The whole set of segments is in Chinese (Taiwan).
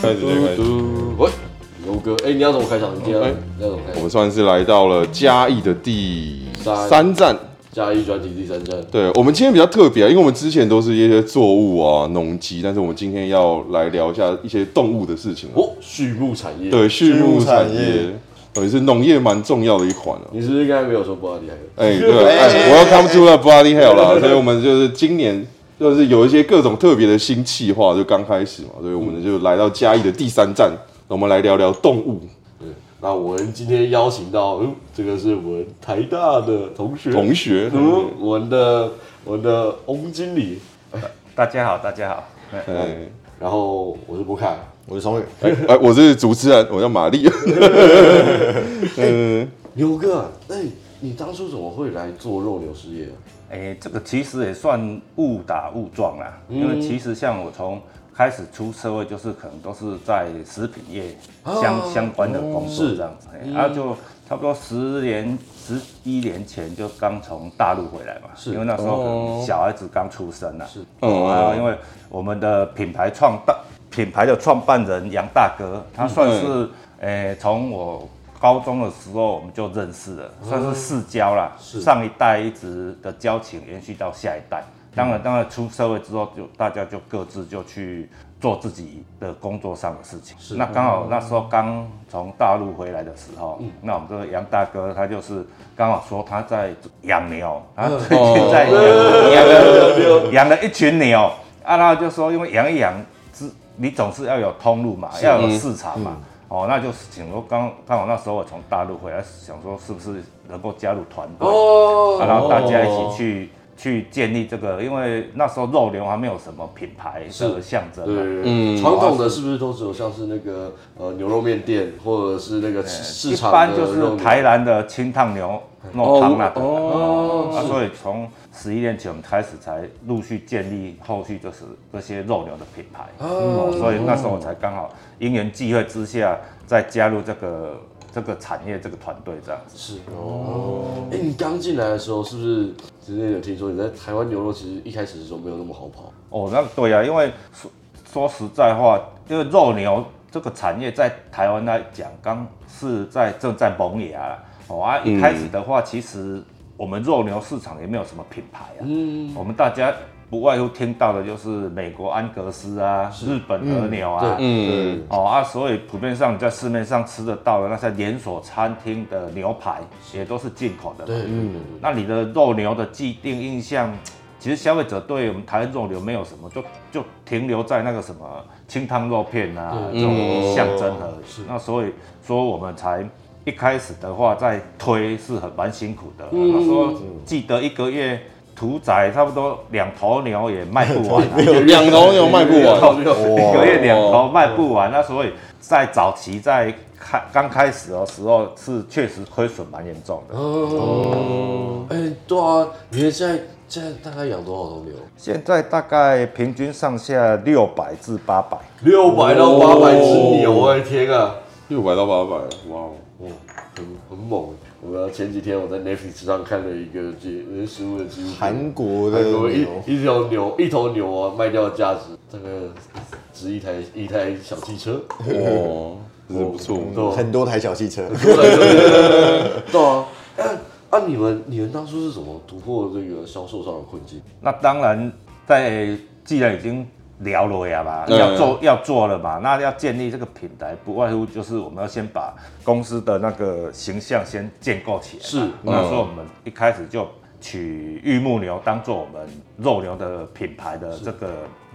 開始。喂，牛哥、欸，哎、欸，你要怎麼開場？你要、欸、你要怎麼開場？我們算是來到了嘉義的第三,三站，嘉義專輯第三站。對，我們今天比較特別啊，因為我們之前都是一些作物啊、農機，但是我們今天要來聊一下一些動物的事情、啊，哦，畜牧產業。對，畜牧產業，等於、呃、是農業蠻重要的一款啊。你是不是剛才沒有說 Bloody Hell？哎，對，欸欸欸我要 come to the Bloody Hell 啦、欸欸欸欸，所以我們就是今年。就是有一些各種特別的新企劃。就剛開始嘛，所以我們就來到嘉義的第三站，我們來聊聊動物。對，那我們今天邀請到，這個是我台大的同學，同學，我們的、我們的翁經理，大家好，大家好，哎，然後我是博凱，我是雙月，哎，我是主持人，我叫馬麗，嗯，牛哥，哎。你當初怎麼會來做肉牛事業？哎、欸，這個其實也算誤打誤撞啊。嗯、因為其實像我從開始出社會，就是可能都是在食品業相、哦啊、相關的工作，是這樣子。然後是、嗯啊、就差不多十年十一年前就剛從大陸回來嘛，是因為那時候可能小孩子剛出生了。是，哦啊、因為我們的品牌創辦品牌的創辦人楊大哥，他算是從、嗯欸、我。高中的時候我們就認識了，算是世交啦。嗯、上一代一直的交情延續到下一代。當然，當然出社會之後，就大家就各自就去做自己的工作上的事情。是，那剛好那時候剛從大陸回來的時候，嗯、那我們這個楊大哥他就是剛好說他在養牛，他最近在養養、嗯、了、了一群牛。啊，他就說因為養一養，你總是要有通路嘛，是要有市場嘛。嗯哦，oh, 那就是，比如說剛剛好那時候我從大陸回來，想說是不是能夠加入團隊，oh, oh, oh, oh, oh. 然後大家一起去去建立這個，因為那時候肉牛還沒有什麼品牌的、啊、是。象徵。對，嗯，傳統的是不是都只有像是那個呃牛肉麵店，或者是那個市場。一般就是台南的清湯牛肉湯那種，所以從。十一年前開始才陸續建立，後續就是這些肉牛的品牌，啊哦、所以那時候我才剛好因緣際會之下再加入這個這個產業這個團隊這樣子。是哦，哎、哦欸，你剛進來的時候是不是之前有聽說你在台灣牛肉其實一開始的時候沒有那麼好跑？哦，那對啊，因為說說實在話，因為肉牛這個產業在台灣來講剛是在正在萌芽，哦啊，一開始的話、嗯、其實。我們肉牛市場也沒有什麼品牌啊，我們大家不外乎聽到的就是美國安格斯啊，日本和牛啊，哦啊，所以普遍上你在市面上吃得到的那些連鎖餐廳的牛排也都是進口的。對，那你的肉牛的既定印象，其實消費者對我們台灣肉牛沒有什麼，就就停留在那個什麼清湯肉片啊這種象徵而已。那所以說我們才。一開始的話，在推是很蠻辛苦的、啊。他說、嗯、記得一個月屠宰差不多兩頭牛也賣不完，兩 有月頭牛賣不完， 一個月兩頭賣不完。哇那所以在早期在開剛開始的時候，是確實虧損蠻嚴重的。嗯，哎、嗯欸，對啊。你現在現在大概養多少頭牛？現在大概平均上下六百至八百、哦，六百到八百隻牛、欸。我的天啊！六百到八百，哇。哦，很很猛！我前幾天我在 Netflix 上看了一個這食物的紀錄片，韓國的牛，韓國一一頭牛，一頭牛啊，賣掉價值這個值一台一台小汽車，哇，真不錯，哦哦嗯、很，多很多台小汽車。對，對，對，對啊，那、啊啊、你們你們當初是怎麼突破這個銷售上的困境？那當然，在既然已經。聊了呀嘛，要做要做了嘛，那要建立這個品牌，不外乎就是我們要先把公司的那個形象先建構起來。是，嗯、那時候我們一開始就取玉木牛當做我們肉牛的品牌的這個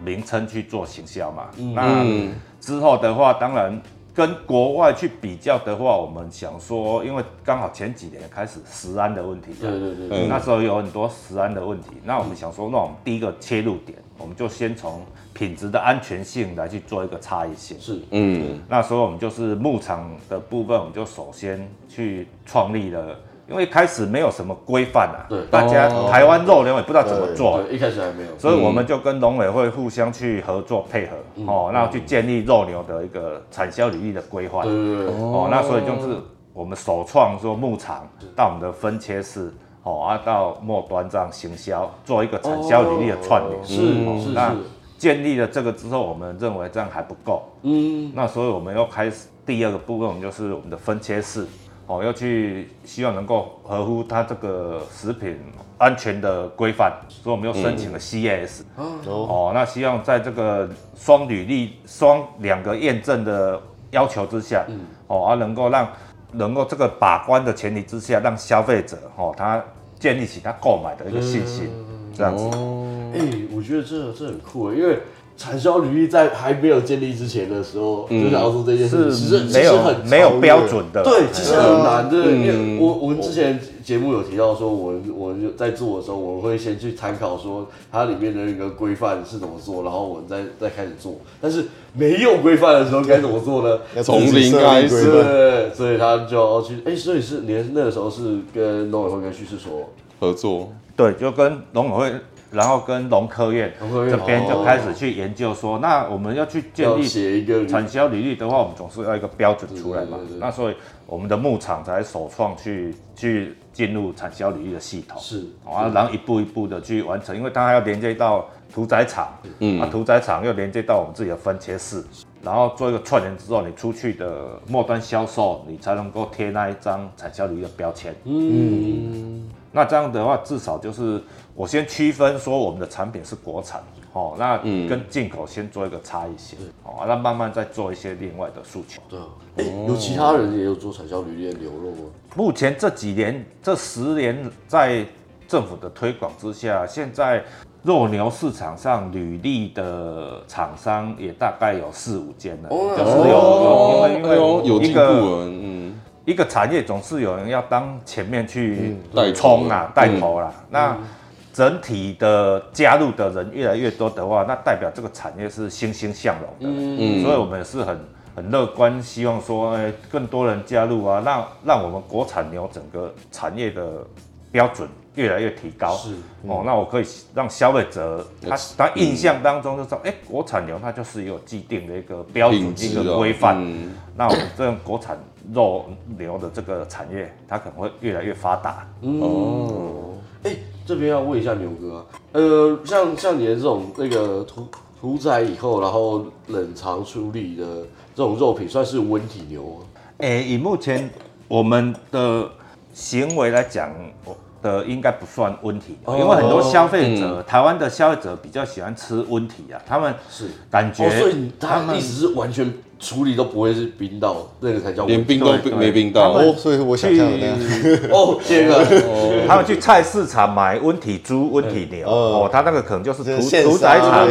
名稱去做行銷嘛。是那之後的話，當然跟國外去比較的話，我們想說，因為剛好前幾年開始食安的問題，對對,對對，是那時候有很多食安的問題，那我們想說，那我們第一個切入點。我們就先從品質的安全性來去做一個差異性，是，嗯，那所以我們就是牧場的部分，我們就首先去創立了，因為開始沒有什麼規範啊，對，大家、哦、台灣肉牛也不知道怎對麼做對對，一開始還沒有，所以我們就跟農委會互相去合作配合，嗯、哦，那去建立肉牛的一個產銷履歷的規劃，對，哦，對哦，那所以就是我們首創說牧場到我們的分切室。哦，而、啊、到末端這樣行銷，做一個產銷履歷的串聯、哦，是是、哦、那建立了這個之後，我們認為這樣還不夠，嗯，那所以我們要開始第二個部分，就是我們的分切式，哦，要去希望能夠合乎它這個食品安全的規範，所以我們又申請了 CAS，嗯，哦，那希望在這個雙履歷雙兩個驗證的要求之下，哦，啊，能夠讓。能夠這個把關的前提之下，讓消費者哈、哦、他建立起他購買的一個信心，呃、這樣子。哎、哦欸，我覺得這這很酷耶，因為。產銷履歷在還沒有建立之前的時候，嗯、就想要做這件事，是其實沒有很沒有標準的，對，其實很難。啊、對，嗯、因為我我們之前節目有提到說，我我就在做的時候，我會先去參考說它裡面的一個規範是怎麼做，然後我再再開始做。但是沒有規範的時候，該怎麼做呢？要 從零開始。對，所以他就要去哎，所以是您那個時候是跟農委會跟畜試所合作？對，就跟農委會。然後跟農科院這邊就開始去研究說，說、哦、那我們要去建立產銷履歷的話，我們總是要一個標準出來嘛。對對，那所以我們的牧場才首創去去進入產銷履歷的系統，是啊，然後，然後一步一步的去完成，因為它還要連接到屠宰場，嗯啊，屠宰場又連接到我們自己的分切室，是然後做一個串聯之後，你出去的末端銷售，你才能夠貼那一張產銷履歷的標籤。嗯，嗯那這樣的話，至少就是。我先區分說，我們的產品是國產，哦，那跟進口先做一個差異性，嗯、哦，那慢慢再做一些另外的訴求。對、欸，有其他人也有做產銷履歷的牛肉嗎、哦？目前這幾年這十年，在政府的推廣之下，現在肉牛市場上履歷的廠商也大概有四五間了。哦，有哦有有因為啊，嗯，一個產業總是有人要當前面去衝、嗯、啊，帶、嗯、頭啦，嗯、那。整體的加入的人越來越多的話，那代表這個產業是欣欣向榮的。嗯，所以，我們是很很樂觀，希望說哎更多人加入啊，讓讓我們國產牛整個產業的標準越來越提高。是、嗯、哦，那我可以讓消費者他他印象當中就說，哎、嗯，國產牛它就是有既定的一個標準、品質哦、一個規範。那、嗯、我們這樣國產肉牛的這個產業，它可能會越來越發達。嗯、哦。哎，這邊要問一下牛哥啊，呃，像像你的這種那個屠屠宰以後，然後冷藏處理的這種肉品，算是溫體牛嗎？哎，以目前我們的行為來講，的應該不算溫體，因為很多消費者，台灣的消費者比較喜歡吃溫體啊，他們是感覺，他們一直是完全處理都不會是冰到，那個才叫冰都沒冰到。哦，所以我去，哦，天啊，他們去菜市場買溫體豬、溫體牛，哦，他那個可能就是屠屠宰場，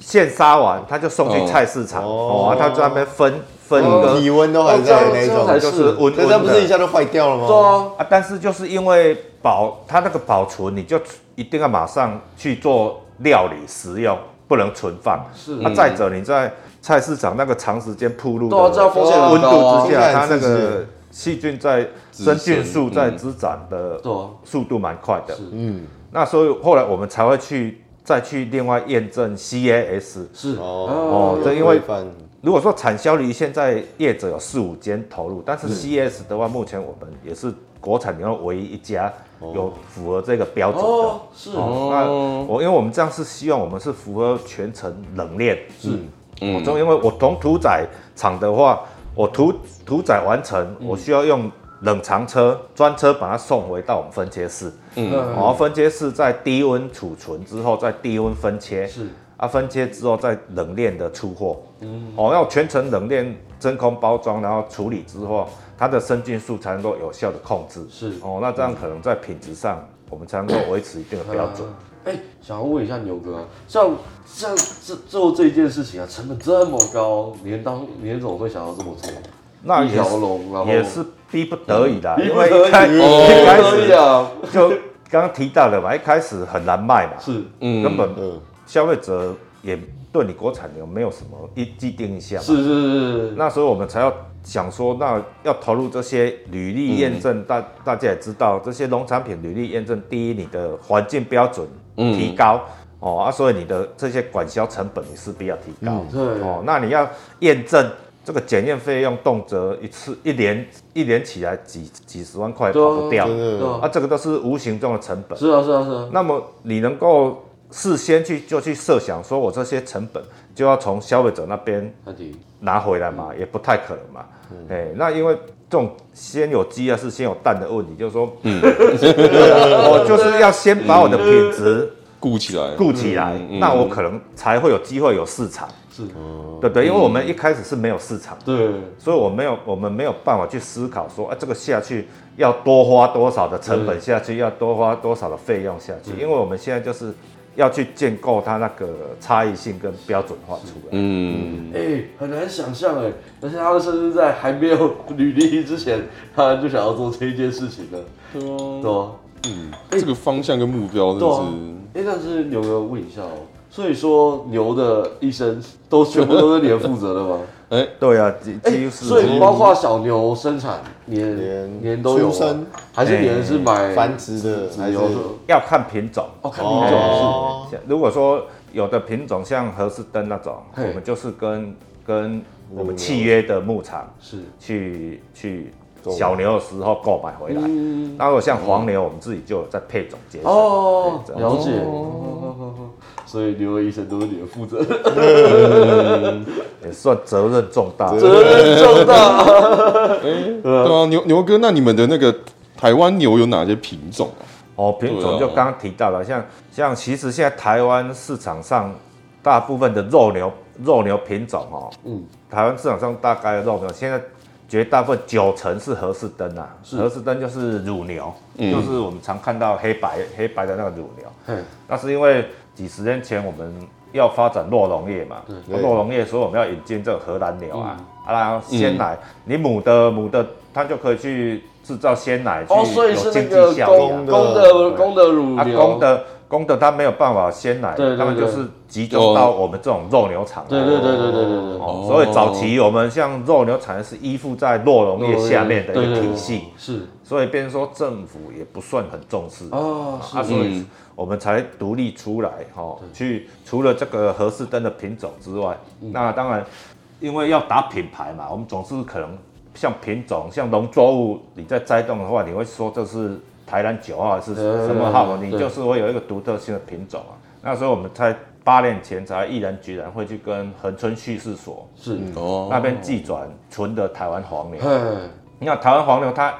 現殺完他就送去菜市場，哦，他專門分。分的體溫都還在那種，就是溫，那不是一下就壞掉了嗎？對啊，但是就是因為保它那個保存，你就一定要馬上去做料理食用，不能存放。是。那再者，你在菜市場那個長時間暴露的溫度之下，它那個細菌在生菌數在滋長的速度蠻快的。嗯。那所以後來我們才會去再去另外驗證 CAS。是。哦哦，對，因為。如果說產銷離現在業者有四五間投入，但是 C S 的話，是目前我們也是國產裡面唯一一家有符合這個標準的。哦哦、是、哦哦。那我因為我們這樣是希望我們是符合全程冷鏈是，嗯、我從因為，我從屠宰廠的話，我屠屠宰完成，我需要用冷藏車專車把它送回到我們分切室。嗯是。然後分切室在低溫儲存之後，在低溫分切。是。啊，分切之後再冷鏈的出貨，嗯，哦，要全程冷鏈真空包裝，然後處理之後，它的生菌數才能夠有效的控制，是，哦，那這樣可能在品質上，我們才能夠維持一定的標準。哎，想要問一下牛哥，像這做這件事情啊，成本這麼高，你們當年怎麼會想到這麼做，一條龍，也是逼不得已的，因為得已，一開始就剛剛提到了嘛，一開始很難賣嘛，是，嗯，根本嗯。消費者也對你國產牛沒有什麼一既定印象。是是是，是。那所以我們才要想說，那要投入這些履歷驗證。大、嗯、大家也知道，這些農產品履歷驗證，第一，你的環境標準提高。嗯、哦啊，所以你的這些管銷成本你勢必要提高。嗯、哦，那你要驗證這個檢驗費用，動輒一次，一年，一年起來幾幾十萬塊跑不掉。嗯、啊，這個都是無形中的成本。嗯、是啊是啊是啊。那麼你能夠。事先去就去設想，說我這些成本就要從消費者那邊拿回來嘛，也不太可能嘛。那因為這種先有雞還是先有蛋的問題，就是說，我就是要先把我的品質顧起來，顧起來，那我可能才會有機會有市場，是，對不對？因為我們一開始是沒有市場，對，所以我沒有，我們沒有辦法去思考說，啊，這個下去要多花多少的成本下去，要多花多少的費用下去，因為我們現在就是。要去建構它那個差異性跟標準化出來，嗯，哎、嗯欸，很難想象哎、欸，而且他甚至在還沒有履歷之前，他就想要做這一件事情了，對啊，對嗎嗯，欸、這個方向跟目標是是，對啊，哎、欸，但是牛哥問一下哦、喔，所以說牛的一生都全部都是你負責的嗎？ 哎、欸，對啊，幾乎是，哎、欸，所以包括小牛生產年年都有、啊，還是年是買、欸、繁殖的，還是要看品種哦？看品種是。是，的如果說有的品種像荷斯坦那種，欸、我們就是跟跟我們契約的牧場是去、嗯、去。是去小牛的時候購買回來，然後、嗯、像黃牛，我們自己就有在配種階段。哦、了解。哦、所以牛醫生都是你的負責， 也算責任重大，責任重大、欸。對啊，對啊牛牛哥，那你們的那個台灣牛有哪些品種？哦，品種就剛剛提到了，啊、像像其實現在台灣市場上大部分的肉牛，肉牛品種哈、哦，嗯，台灣市場上大概的肉牛現在。絕大部分九成是荷士登啊，荷士登就是乳牛，嗯、就是我們常看到黑白黑白的那個乳牛。嘿那是因為幾十年前我們要發展酪農業嘛，酪農對業，所以我們要引進這個荷蘭牛啊，啊鮮、嗯、奶，嗯、你母的母的，它就可以去製造鮮奶去有經濟效益，哦，所以是那個公、啊、的公對的乳牛啊公的。公的它沒有辦法先來，對，對，對，對，它們就是集中到我們這種肉牛場。對對對對對對對。哦，所以早期我們像肉牛場是依附在酪農業下面的一個體系，對對對對是，所以變成說政府也不算很重視，啊，哦，是，嗯啊，所以我們才獨立出來，哦，對去除了這個荷士登的品種之外，嗯、那當然，因為要打品牌嘛，我們總是可能。像品種，像農作物，你在栽種的話，你會說這是台南九號還是什麼號？對對對對，你就是會有一個獨特性的品種啊。那時候我們在八年前才毅然決然會去跟恆春畜試所，是哦、嗯、那邊寄轉純、嗯、的台灣黃牛。嘿嘿，你看台灣黃牛它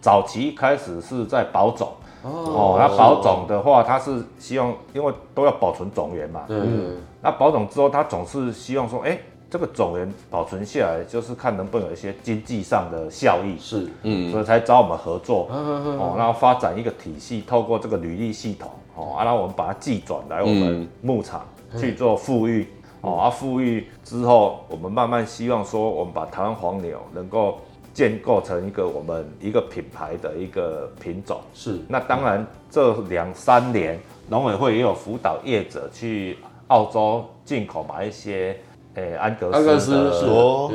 早期開始是在保種哦，哦，哦，那保種的話，它是希望因為都要保存種源嘛。對 嗯、那保種之後，它總是希望說，哎、欸。這個種源保存下來，就是看能不能有一些經濟上的效益，是，嗯，所以才找我們合作，哦，然後發展一個體系，透過這個履歷系統，哦，啊，讓我們把它寄轉來我們牧場去做復育。哦，啊，復育之後，我們慢慢希望說，我們把台灣黃牛能夠建構成一個我們一個品牌的一個品種，是，那當然這兩三年，農委會也有輔導業者去澳洲進口買一些。誒，安格斯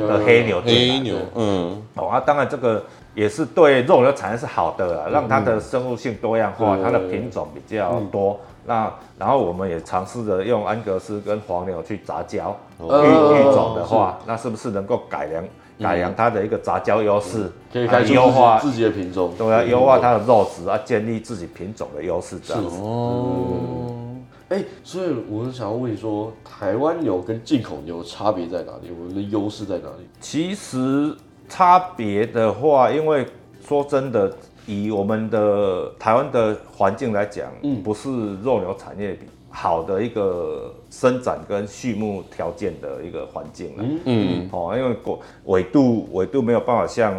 的黑牛，黑牛，嗯，哦，啊，當然這個也是對肉的產生是好的啊，讓它的生物性多樣化，它的品種比較多。那然後我們也嘗試着用安格斯跟黃牛去雜交育育種的話，那是不是能夠改良改良它的一個雜交優勢，可以再優化自己的品種，對啊，優化它的肉質，啊，建立自己品種的優勢，這樣子，是哦。哎、欸，所以我想要問你說，台灣牛跟進口牛差別在哪裡？我們的優勢在哪裡？其實差別的話，因為說真的，以我們的台灣的環境來講，嗯，不是肉牛產業比好的一個生長跟畜牧條件的一個環境了，嗯，嗯，哦，因為緯緯度緯度沒有辦法像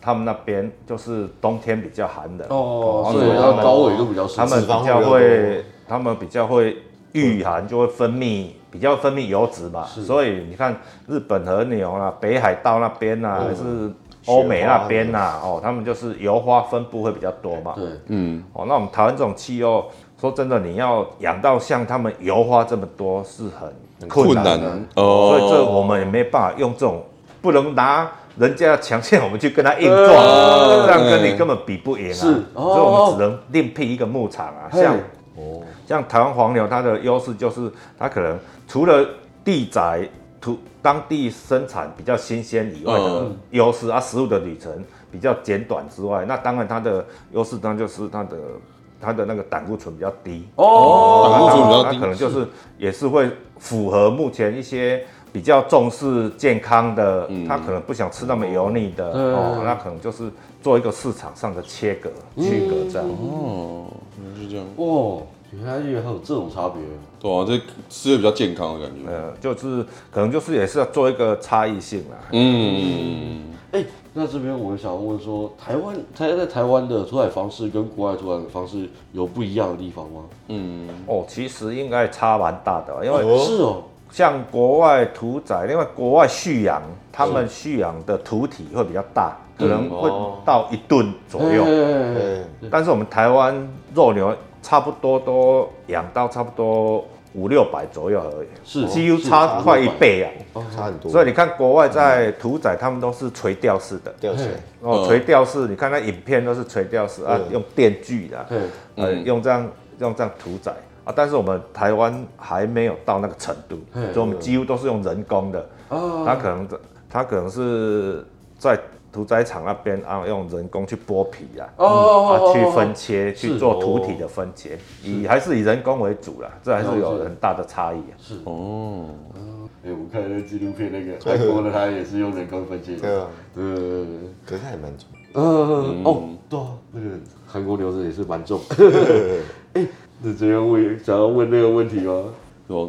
他們那邊，就是冬天比較寒冷，哦，啊、所以它高緯度比較，比較深，他們比較會。他們比較會御寒，就會分泌比較分泌油脂嘛，所以你看日本和牛啊，北海道那邊啊，還是歐美那邊吶，哦，他們就是油花分布會比較多嘛。對，嗯，哦，那我們台灣這種氣候，說真的，你要養到像他們油花這麼多，是很困難的哦。所以這我們也沒辦法，用這種不能拿人家的強項，我們去跟他硬撞，這樣跟你根本比不贏啊。所以我們只能另闢一個牧場啊，像。哦，像台灣黃牛，它的優勢就是它可能除了地宅土當地生產比較新鮮以外的優勢啊，食物的旅程比較簡短之外，那當然它的優勢，當然就是它的它的那個膽固醇比較低哦，膽固醇比較低，哦啊、它，它可能就是也是會符合目前一些。比較重視健康的，嗯嗯嗯他可能不想吃那麼油膩的哦、啊嗯嗯，那可能就是做一個市場上的切割、切割這樣哦，是這樣哦，原來也還有這種差別、啊，對啊，這吃的比較健康的感覺，呃、嗯，就是可能就是也是要做一個差異性啦，就是，嗯，嗯，哎、嗯欸，那這邊我們想問說，台灣，他在台灣的出海方式跟國外出海方式有不一樣的地方嗎？嗯，嗯，哦，其實應該差蠻大的，因為是哦。是喔像國外屠宰，因為國外畜養，他們畜養的屠體會比較大，可能會到一噸左右。但是我們台灣肉牛差不多都養到差不多五六百左右而已，是幾乎差快一倍啊，差很多。所以你看國外在屠宰，他們都是垂吊式的，吊式，哦，垂吊式。你看那影片都是垂吊式啊，用電鋸的，呃，用這樣用這樣屠宰。但是我們台灣還沒有到那個程度，所以我們幾乎都是用人工的。哦，他可能他可能是在屠宰場那邊啊，用人工去剝皮啊，哦，去分切，去做屠體的分切，以還是以人工為主啦。這還是有很大的差異啊。是哦，哎，我看那紀錄片那個韓國的，他也是用人工分切，對啊，對對對，可是還蠻重。嗯哦，對，那個韓國牛隻也是蠻重。是直接問想要問那個問題嗎？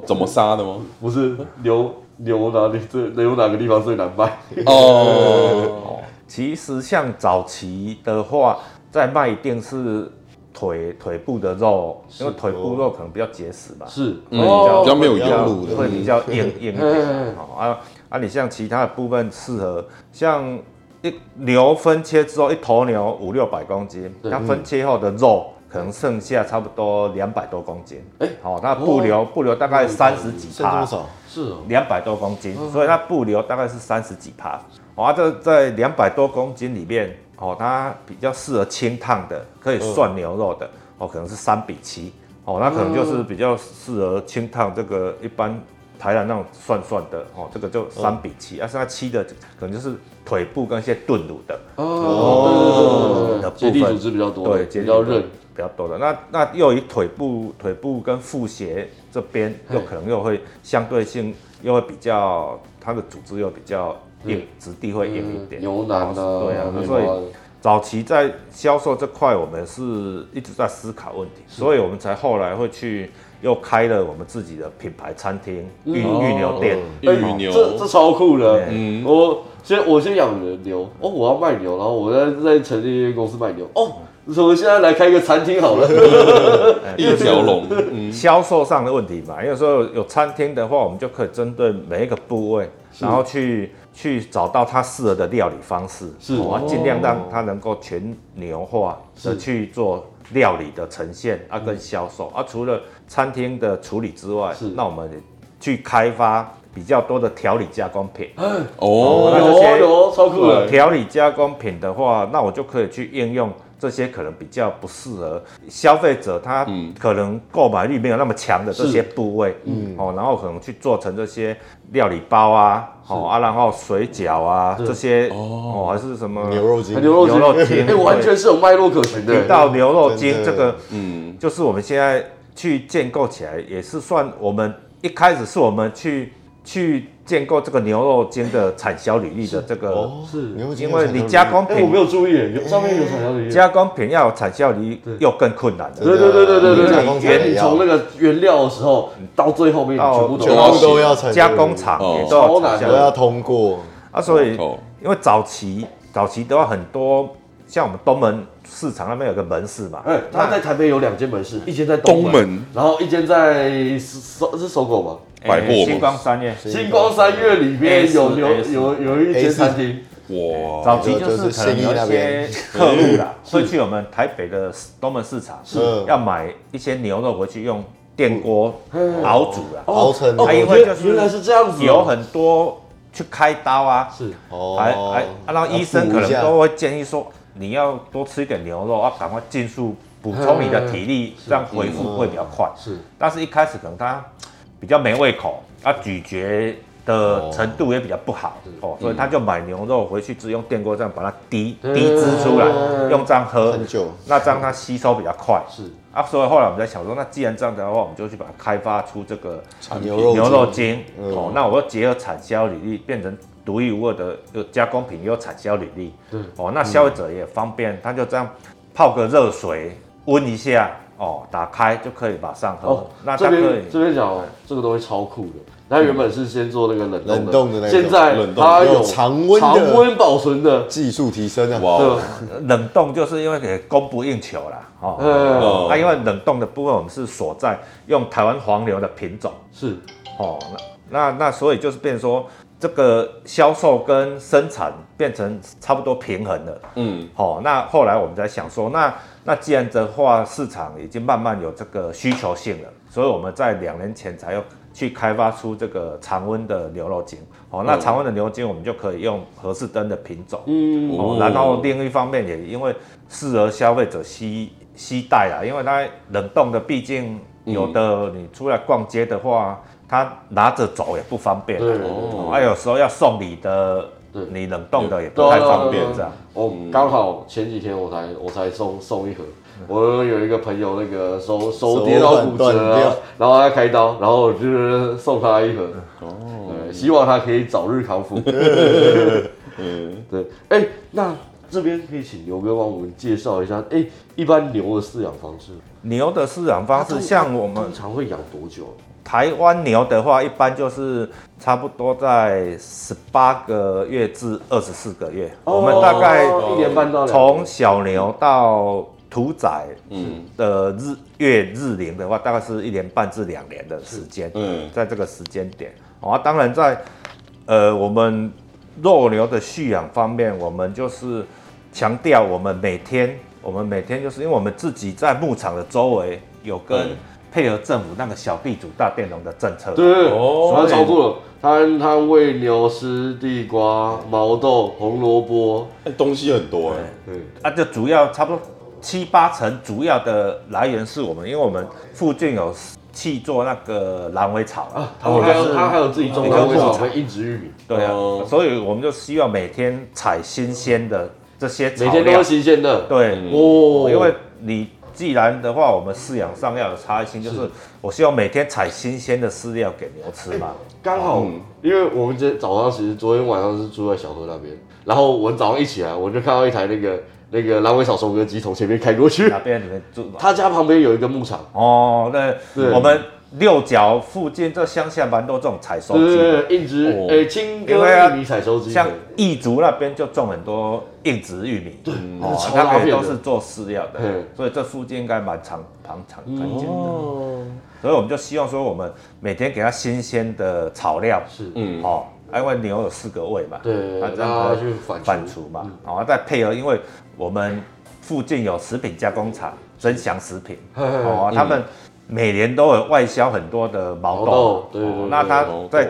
怎麼殺的嗎？不是牛牛，哪裡最牛，哪個地方最難賣？哦， 其實像早期的話，在賣一定是腿腿部的肉，因為腿部肉可能比較結實吧，是哦，比較沒有用的，會比較硬硬一點，嗯。啊啊，你像其他的部分適合像一牛分切之後一頭牛五六百公斤，它對分切後的肉。可能剩下差不多兩百多公斤，哎、欸，好、哦，那步留步留大概三十幾趴。多、欸、少？是兩、哦、百多公斤，嗯、所以它步留大概是三十幾趴。哇、哦，啊、這在兩百多公斤裡面，哦，它比較適合清燙的，可以涮牛肉的，嗯、哦，可能是三比七，哦，那可能就是比較適合清燙這個一般台南那種涮涮的，哦，這個就三比七、嗯，而是它七的可能就是腿部跟一些燉滷的哦，對對對，結締組織比較多，對，比較韌。比較多的那，那又以腿部腿部，跟腹斜這邊嘿又可能又會相對性又會比較它的組織又比較硬質對地會硬一點。嗯、牛腩的。對啊，所以早期在銷售這塊我們是一直在思考問題，的所以我們才後來會去又開了我們自己的品牌餐廳，御御牛殿，御、嗯、牛。嗯、這這超酷的，嗯我，我先我先養牛，哦，我要賣牛，然後我在在成立一公司賣牛，哦。我們現在來開一個餐廳好了，一條龍銷售上的問題嘛。因為說有餐廳的話，我們就可以針對每一個部位，是然後去去找到它適合的料理方式，是啊，盡量讓它能夠全牛化的去做料理的呈現是啊，跟銷，跟銷售啊。除了餐廳的處理之外，是那我們去開發比較多的調理加工品哦。嗯、這些調理加工品的話，哦哦超酷欸、那我就可以去應用。這些可能比較不適合消費者，他可能購買力沒有那麼強的這些部位，嗯哦，然後可能去做成這些料理包啊，哦啊，然後水餃啊這些，哦還是什麼牛肉筋牛肉筋，完全是有脈絡可循的。提到牛肉筋這個，嗯，就是我們現在去建構起來也是算我們一開始是我們去去。見過這個牛肉間的產銷履歷的這個，哦，是因為你加工品，哎，我沒有注意，上面有產銷履歷。加工品要有產銷履歷，又更困難了。對對對對對對對。原從那個原料的時候到最後面，全部都要加工廠都要通過。啊，所以因為早期早期的話，很多像我們東門市場那邊有個門市嘛，哎，他在台北有兩間門市，一間在東門，然後一間在是是 SOGO 嗎？新光三月，新光三月裡邊有有有有一些餐廳，哇，早期就是可能有一些客戶啦，會去我們台北的東門市場，嗯，要買一些牛肉回去用電鍋熬煮啊。熬成。哦，原來是這樣子，有很多去開刀啊，是，哦，哎，然後醫生可能都會建議說，你要多吃一點牛肉啊，趕快迅速補充你的體力，這樣恢復會比較快。是，但是一開始可能他。比較沒胃口，他、啊、咀嚼的程度也比較不好哦，哦，所以他就買牛肉回去只用電鍋這樣把它滴、嗯、滴汁出來，嗯、用這樣喝，很久那這樣它吸收比較快是。啊，所以後來我們在想說，那既然這樣子的話，我們就去把它開發出這個牛肉牛肉精哦、嗯喔，那我結合產銷履歷，變成獨一無二的加工品，又有產銷履歷，對哦、嗯喔，那消費者也方便，嗯、他就這樣泡個熱水溫一下。哦，打開就可以馬上喝。那這邊這邊講，這個東西超酷的。它原本是先做那個冷凍的，現在它有常溫常溫保存的技術提升。冷凍就是因為供不應求啦，哦，那因為冷凍的部分我們是鎖在用台灣黃牛的品種，是哦，那那那所以就是變說這個銷售跟生產變成差不多平衡了。嗯，哦，那後來我們在想說那。那既然的話，市場已經慢慢有這個需求性了，所以我們在兩年前才去開發出這個常溫的牛肉精、哦、那常溫的牛肉精我們就可以用荷士登的品種，嗯、哦，然後另一方面也因為適合消費者攜、攜帶了，因為它冷凍的，畢竟有的你出來逛街的話，嗯、它拿着走也不方便，嗯、哦，還、啊、有時候要送禮的。對你冷凍的也不太方便，是吧？哦，剛好前幾天我才我才送送一盒。我有一個朋友，那個手手跌到骨折，然後他開刀，然後就是送他一盒。哦，希望他可以早日康復。嗯，對。誒，那這邊可以請牛哥幫我們介紹一下。誒，一般牛的飼養方式，牛的飼養方式像我們常會養多久？台灣牛的話，一般就是差不多在十八個月至二十四個月。我們大概一年半到，從小牛到屠宰的日月日齡的話，大概是一年半至兩年的時間。嗯，在這個時間點啊，當然在呃我們肉牛的蓄養方面，我們就是強調我們每天，我們每天就是因為我們自己在牧場的周圍有跟。配合政府那個小地主、大佃農的政策，對，主要超過了。攤攤餵牛，吃地瓜、毛豆、紅蘿蔔，東西很多。對，啊，就主要差不多七八成，主要的來源是我們，因為我們附近有去做那個狼尾草啊，他還有他還有自己種狼尾草，種植玉米。對啊，所以我們就希望每天採新鮮的這些草料。每天都新鮮的。對哦，因為你。既然的話，我們飼養上要有差異性，就是我希望每天採新鮮的飼料給牛吃嘛。剛、欸、好，嗯、因為我們今天早上其實昨天晚上是住在小河那邊，然後我們早上一起來，我就看到一台那個那個狼尾草收割機從前面開過去。那邊裡面住他家旁邊有一個牧場哦，那對我們。六腳附近這鄉下蠻多這種採收機，硬質誒青割玉米採收機，像義竹那邊就種很多硬質玉米，對，哦，那邊都是做飼料的，所以這附近應該蠻長，蠻常常見的，所以我們就希望說，我們每天給它新鮮的草料，是，嗯，哦，因為牛有四個胃嘛，對，讓它去反芻嘛，哦，再配合，因為我們附近有食品加工廠，增強食品，哦，他們。每年都會外銷很多的毛豆，那它在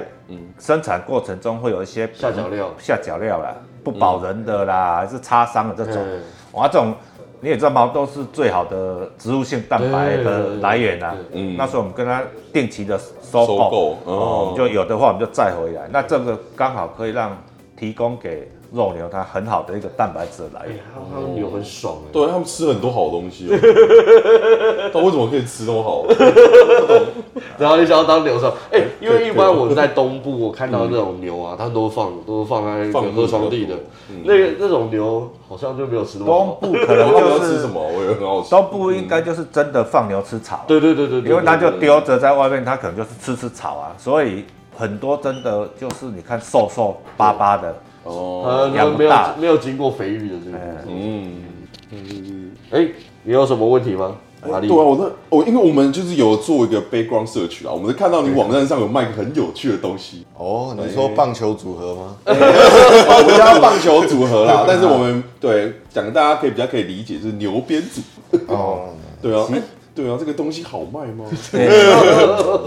生產過程中會有一些下腳料，下腳料啦，不保人的啦，嗯、還是擦傷的這種。王總、嗯，你也知道毛豆是最好的植物性蛋白的來源啊。嗯、那時候我們跟它定期的收購，收購哦，哦就有的話我們就再回來。那這個剛好可以讓提供給。肉牛它很好的一個蛋白質的來源，他們牛很爽，對他們吃很多好東西，他為什麼可以吃那麼好？然後你想要當牛的時候，哎，因為一般我在東部，我看到那種牛啊，它都放都放在放牧場地的，那個那種牛好像就沒有吃那麼好。東部可能就是吃什麼，我也很好吃。東部應該就是真的放牛吃草，對對對，因為它就丟着在外面，它可能就是吃吃草啊，所以很多真的就是你看瘦瘦巴巴的。哦，養沒有沒有經過肥育的這個，嗯嗯嗯。哎，你有什麼問題嗎？哪裡？對啊，我那我因為我們就是有做一個 background 社區啊，我們看到你網站上有賣個很有趣的東西。哦，你說棒球組合嗎？我們叫棒球組合啦，但是我們對講大家可以比較可以理解是牛鞭組。哦，對啊，對啊，這個東西好賣嗎？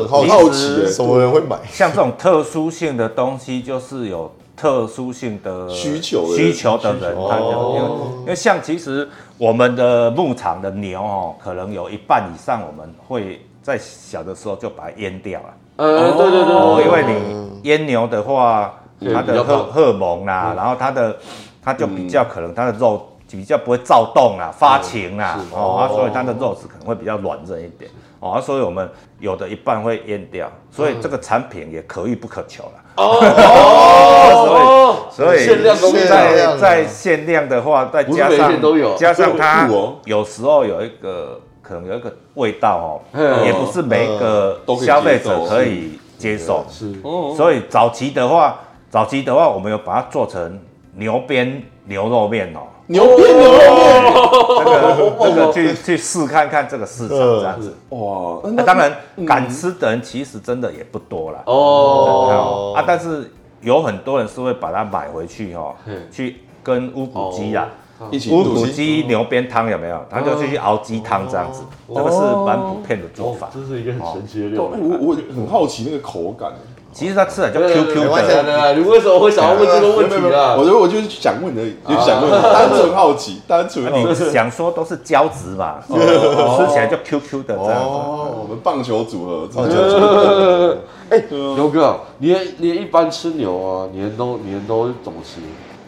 很好奇，什麼人會買？像這種特殊性的東西，就是有。特殊性的需求需求的人，求他就因為、哦、因為像其實我們的牧場的牛哦、喔，可能有一半以上，我們會在小的時候就把它閹掉了。呃、嗯，對對對，因為你閹牛的話，嗯、它的荷、嗯、荷爾蒙啊，嗯、然後它的它就比較可能它的肉比較不會躁動啊，嗯、發情啊，嗯、哦、喔，所以它的肉質可能會比較軟嫩一點。啊，所以我們有的一半會淹掉，所以這個產品也可遇不可求了。哦，所以所以限量再再限量的話，再加上加上它有時候有一個可能有一個味道哦，也不是每個消費者可以接受。是，所以早期的話，早期的話，我們有把它做成牛鞭。牛肉麵哦，牛鞭牛肉麵哦，這個這個去去試看看這個市場這樣子哇。那當然，敢吃的人其實真的也不多啦哦。啊，但是有很多人是會把它買回去哈，去跟烏骨雞啊一起烏骨雞牛鞭湯有沒有？然後就去熬雞湯這樣子，這個是蠻普遍的做法。這是一個很神奇的料理。我我很好奇那個口感。其實它吃了就 Q Q 的，你為什麼會想要問這個問題呢？我覺得我就是想問而已，就想問，單純好奇，單純想說都是膠質吧，吃起來就 Q Q 的這樣子。我們棒球組合，棒球組合。哎，牛哥，你你一般吃牛啊？你們都你都怎麼吃？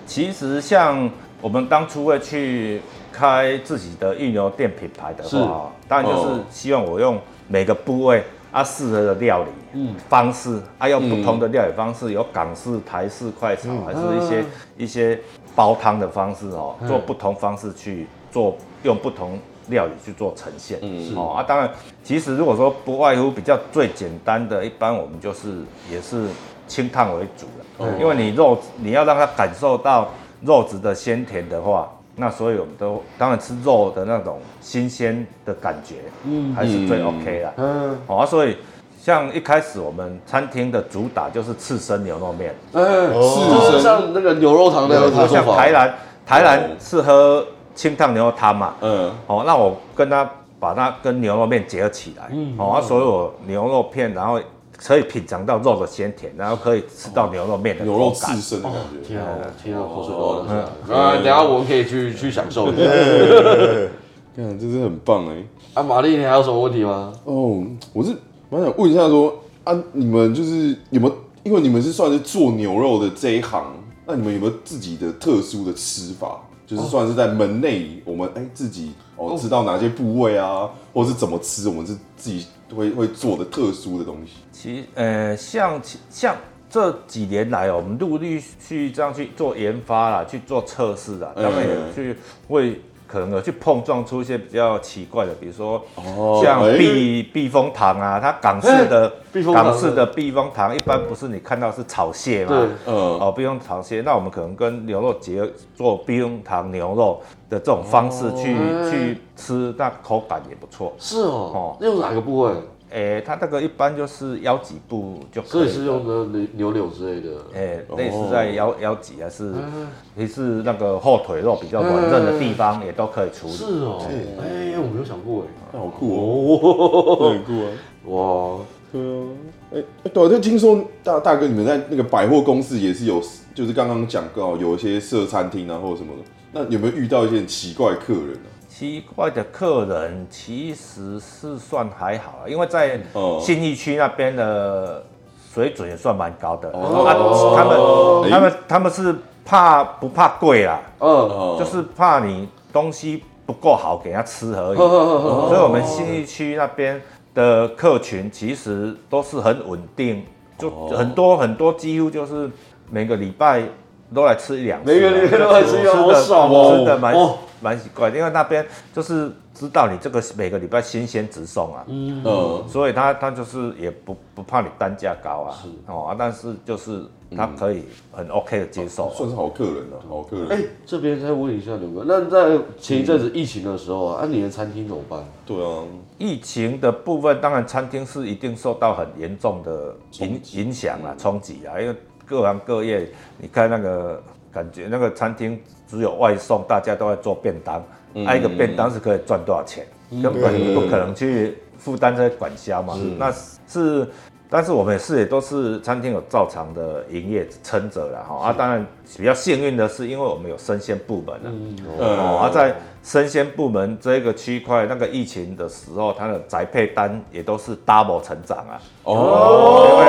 其實像我們當初會去開自己的御牛殿品牌的話，當然就是希望我用每個部位。它適、啊、合的料理方式，嗯、啊，用不同的料理方式，嗯、有港式、台式、快炒，嗯、還是一些、嗯、一些煲湯的方式哦，嗯、做不同方式去做，用不同料理去做呈現，嗯、哦，啊，當然，其實如果說不外乎比較最簡單的一般，我們就是也是清湯為主了、啊，嗯、因為你肉你要讓它感受到肉質的鮮甜的話。那所以我們都當然吃肉的那種新鮮的感覺，嗯，還是最 OK 啦。嗯，好、嗯嗯啊，所以像一開始我們餐廳的主打就是刺身牛肉麵，是，就是像那個牛肉湯那樣，啊、像台南、哦、台南是喝清湯牛肉湯嘛，嗯，哦、啊，那我跟他把它跟牛肉麵結合起來，嗯，哦、嗯啊，所以我牛肉片然後。可以品嘗到肉的鮮甜，然後可以吃到牛肉麵的、哦、牛肉刺身的感覺。哦、挺好，他說，啊、哦，嗯、等下我們可以去、嗯、去享受。看，這是很棒哎。啊，瑪麗，你還有什麼問題嗎？哦，我是我想問一下說，啊，你們就是有沒有，因為你們是算是做牛肉的這一行，那你們有沒有自己的特殊的吃法？就是算是在門內，我們哎、欸、自己哦吃到哪些部位啊，或是怎麼吃，我們是自己。會會做的特殊的東西，其實呃，像像這幾年來哦，我們陸陸續續去這樣去做研發啦，去做測試啦，嗯、然後也去會可能有去碰撞出一些比較奇怪的，比如說、哦、像避、欸、避風塘啊，它港式的、欸、避風港式的避風塘、嗯、一般不是你看到是炒蟹嘛，嗯、哦避風炒蟹，那我們可能跟牛肉結合做避風塘牛肉，的這種方式去去吃，那口感也不錯。是哦，用哪個部位？誒，它那個一般就是腰脊部，就可以。可是用的牛柳之類的，誒，類似在腰腰脊啊，是，也是那個後腿肉，比較軟嫩的地方也都可以處理。是哦，哎，我沒有想過，哎，好酷哦，很酷啊，哇，對啊，哎，對啊，聽說大大哥你們在那個百貨公司也是有，就是剛剛講過，有一些設餐廳啊，或者什麼的。那你有沒有遇到一些奇怪客人呢、啊？奇怪的客人其實是算還好，因為在信義區那邊的水準也算蠻高的。哦啊、他們、欸、他們他們是怕不怕貴啊、哦？就是怕你東西不夠好給他吃而已。哦、所以我們信義區那邊的客群其實都是很穩定，就很多、哦、很多，幾乎就是每個禮拜。都來吃一兩次，每個禮拜都來吃，吃的真的蠻蠻奇怪，因為那邊就是知道你這個每個禮拜新鮮直送啊，嗯，所以他他就是也不不怕你單價高啊，是哦，但是就是他可以很 OK 的接受，算是好客人了，好客人。哎，這邊再問一下牛哥，那在前一陣子疫情的時候啊，那你的餐廳怎麼辦？對啊，疫情的部分，當然餐廳是一定受到很嚴重的影影響啊，衝擊啊，因為。各行各業，你看那個感覺，那個餐廳只有外送，大家都在做便當。按、嗯啊、一個便當是可以賺多少錢？根本不可能去負擔這些管銷嘛。是那是，但是我們也是也都是餐廳有照常的營業撐着然哈啊，當然比較幸運的是，因為我們有生鮮部門了。嗯、哦。嗯、啊，在生鮮部門這一個區塊，那個疫情的時候，它的宅配單也都是 double 成長、哦哦、啊。哦。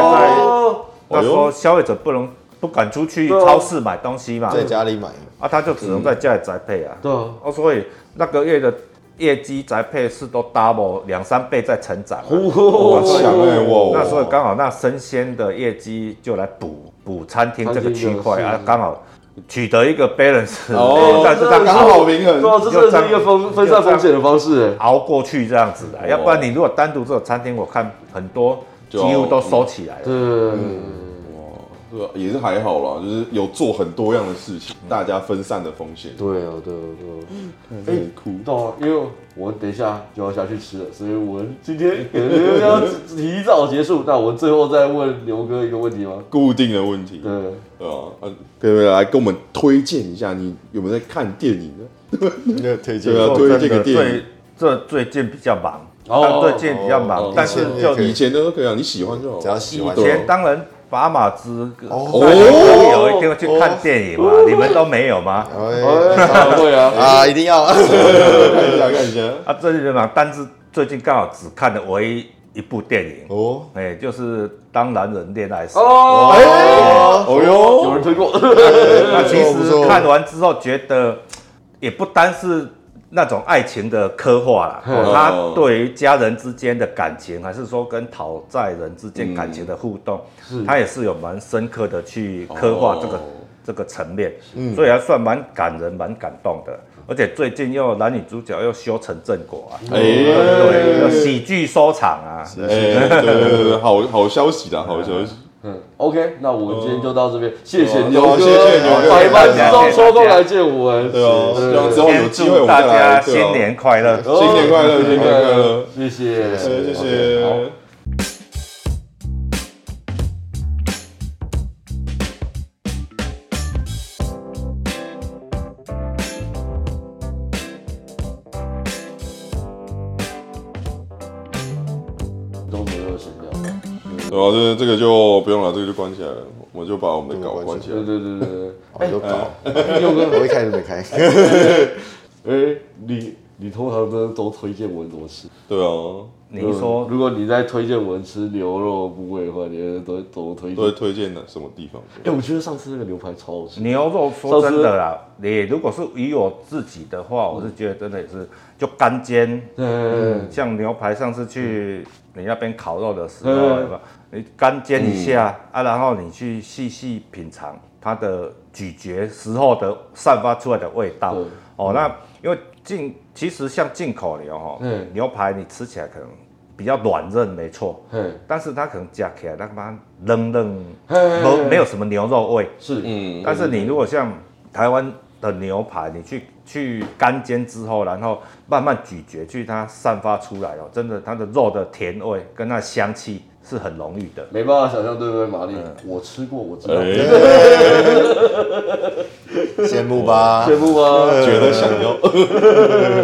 他說：“消費者不能不敢出去超市買東西嘛，在家裡買啊，他就只能在家裡宅配啊。對，哦，所以那個月的業績宅配是都 double 兩三倍在成長。哇，想哎，哇，那所以剛好那生鮮的業績就來補補餐廳這個區塊啊，剛好取得一個 balance，哦，這個剛好平衡，對，這是一個分分散風險的方式，熬過去這樣子的。要不然你如果單獨做餐廳，我看很多。”就幾乎都燒起來了。對，哇，對啊，也是還好啦，就是有做很多樣的事情，大家分散的風險。對啊，對對對。哎，苦到，因為我等一下就要下去吃了，所以我今天可能要提早結束。那我們最後再問劉哥一個問題嗎？固定的問題。對，啊，可不可以來跟我們推薦一下？你有沒有在看電影呢？你要推薦？個電影？最這最近比較忙。哦，以前都可以啊，你喜歡就好。以前當然，把馬子可以有一天會去看電影嘛。你們都沒有嗎？不會啊，啊，一定要。啊，看一下，看一下，啊最近嘛，但是最近剛好只看了唯一一部電影哦，哎，就是《當男人戀愛時》哦，哎，哦呦，有人推過。那其實看完之後覺得，也不單是。那種愛情的刻畫啦，他、哦、對於家人之間的感情，還是說跟討債人之間感情的互動，他、嗯、也是有蠻深刻的去刻畫這個、哦、這個層面，是所以還算蠻感人、蠻感動的。而且最近又男女主角又修成正果啊，欸、對，喜劇收場啊，好好消息啦，好消息。嗯嗯，OK，那我們今天就到這邊，謝謝牛哥，百忙之中，抽空來見我們，希望之後有機會我們大家新年快樂，新年快樂，新年快樂，謝謝，謝謝。要這這個就不用了，這個就關起來了。我就把我們的搞關起來。對對對對對，好就搞，用過我一開就沒開。你你通常都都推薦我怎麼吃？對啊，你說，如果你在推薦我吃牛肉部位的話，你都都推薦，推薦的什麼地方？我覺得上次那個牛排超好吃。牛肉說真的啦，你如果是以我自己的話，我是覺得真的是就乾煎，對，像牛排上次去你那邊烤肉的時候。你乾煎一下、嗯、啊，然後你去細細品嘗它的咀嚼時候的散發出來的味道。哦，那因為進其實像進口牛，喔、嘿牛排你吃起來可能比較軟嫩沒錯，沒錯嘿。嗯。但是它可能夾起來那個嘛，愣愣，沒有什麼牛肉味。是。嗯。但是你如果像台灣的牛排，你去去乾煎之後，然後慢慢咀嚼，去它散發出來真的它的肉的甜味跟那香氣。是很濃郁的，沒辦法想象，對不對，馬力？我吃過，我知道。羨慕吧，羨慕吧，覺得想要。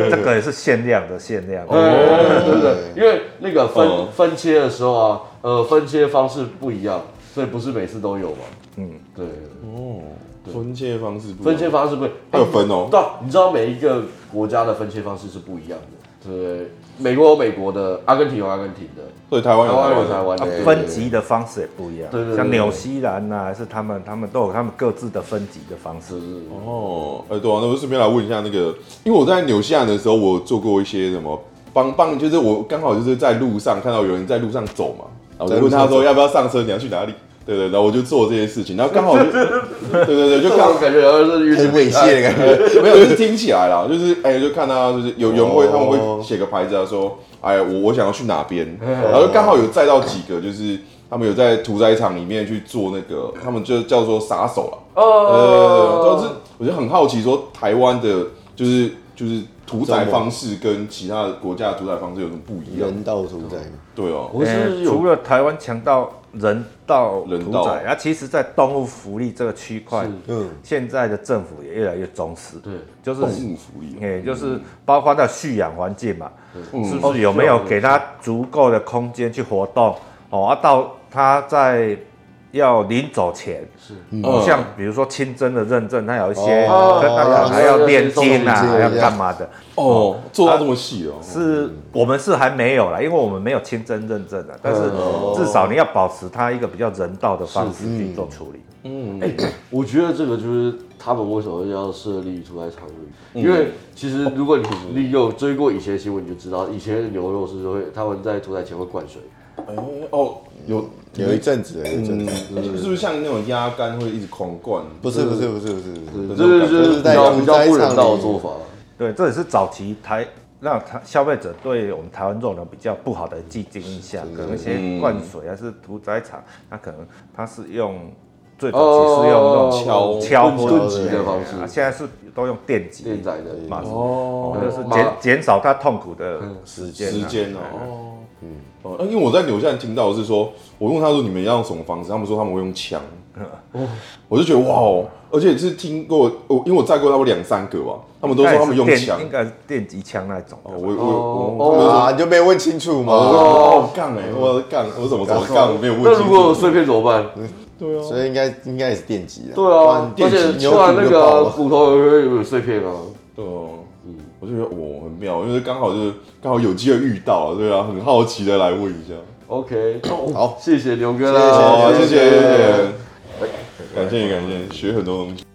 這個也是限量的，限量，對不對？因為那個分分切的時候啊，呃，分切方式不一樣，所以不是每次都有嘛。嗯，對。哦，分切方式不一樣，分切方式不一樣還有分哦。你知道每一個國家的分切方式是不一樣的，對不對？美國有美國的，阿根廷有阿根廷的，所以台灣有，有，有台灣的。對對對對對，分級的方式也不一樣。對對，對，對對，像紐西蘭吶、啊，是他們，他們都有他們各自的分級的方式。對對對對哦，哎、欸、對啊，那我順便來問一下那個，因為我在紐西蘭的時候，我做過一些什麼幫幫，就是我剛好就是在路上、哦、看到有人在路上走嘛，然後我就問他說要不要上車，你要走去哪裡？對對，然後我就做這些事情，然後剛好就，對對對， 就剛看好感覺然後就是很猥褻的感覺，哎、沒有，就是聽起來了，就是哎，就看到、啊、就是有有、哦、人會他們會寫個牌子啊，說哎，我我想要去哪邊，哦、然後就剛好有載到幾個，哦、就是他們有在屠宰場裡面去做那個，他們就叫做殺手了，哦、呃對對對對，就是我就很好奇說台灣的、就是，就是就是。屠宰方式跟其他的國家的屠宰方式有什麼不一樣？人道屠宰。對哦，不是、欸、除了台灣強調人道屠宰，人到啊、其實，在動物福利這個區塊，嗯的，現在的政府也越來越重視，對，就是動物福利、欸，就是包括那蓄養環境嘛，嗯、是不是有沒有給他足夠的空間去活動？哦，啊，到他在。要臨走前，是像比如說清真的認證，它有一些，還要念經啊，還要幹嘛的？哦，做到這麼細哦？是，我們是還沒有啦，因為我們沒有清真認證的，但是至少你要保持它一個比較人道的方式去做處理。嗯，欸，我覺得這個就是他們為什麼要設立屠宰場？因為其實如果你有追過以前新聞，你就知道，以前的牛肉是會他們在屠宰前會灌水。哦，有有一陣子哎，是不是像那種鴨肝會一直狂灌？不是不是不是不是，這是這是比較不人道的做法。對，這也是早期台讓台消費者對我們台灣肉的比較不好的第一印象，可能先灌水還是屠宰場，它可能它是用最早期是用那種敲敲和鈍擊的方式，現在是都用電擊屠宰的，哦，就是減減少他痛苦的時間時間哦。哦，那因為我在紐西蘭聽到是說，我問他說你們要用什麼方式，他們說他們會用槍，我就覺得哇哦，而且是聽過，我因為我在過他們兩三個吧，他們都說他們用槍，應該是電擊槍那種。我我哦，你就沒有問清楚嗎？哦，槓哎，我槓，我怎麼怎麼槓，我沒有問清楚。那如果有碎片怎麼辦？對啊，所以應該應該也是電擊啊。對啊，而且牛骨那個骨頭有有碎片嗎？對。我就覺得哇、哦、很妙，因為剛好就是剛好有機會遇到，對啊，很好奇的來問一下。OK，好，謝謝牛哥啦、哦，謝謝，謝謝謝謝感謝你，感謝你，學很多東西。